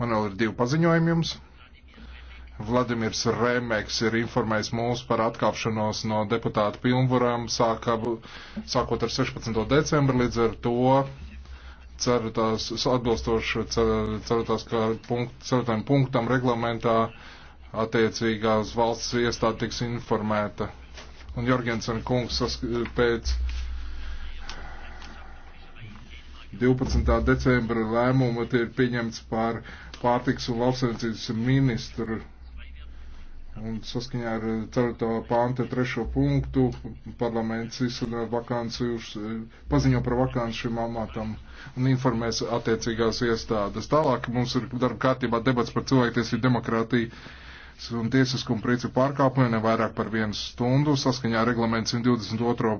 Man vēl ir divi paziņojumi jums. Vladimirs Remeks ir informējis mūs par atkāpšanos no deputāta pilnvarām sākot ar 16. decembru līdz ar to ceratās, atbilstoši ceratās, ka punkt, ceratājiem punktam reglamentā attiecīgās valsts iestāde tiks informēta. Un Jorgensen kungs pēc 12. decembra lēmumu ir pieņemts par pārtiks un lauksaimniecības ministru. Un saskaņā ar 4. pānta 3. punktu parlaments izsludina vakanci, paziņo par vakanci šim amatam un informēs attiecīgās iestādes. Tālāk mums ir darba kārtībā debats par cilvēktiesību demokrātiju un tiesiskumu principu pārkāpumiem ne vairāk par vienu stundu saskaņā ar reglamentu 122.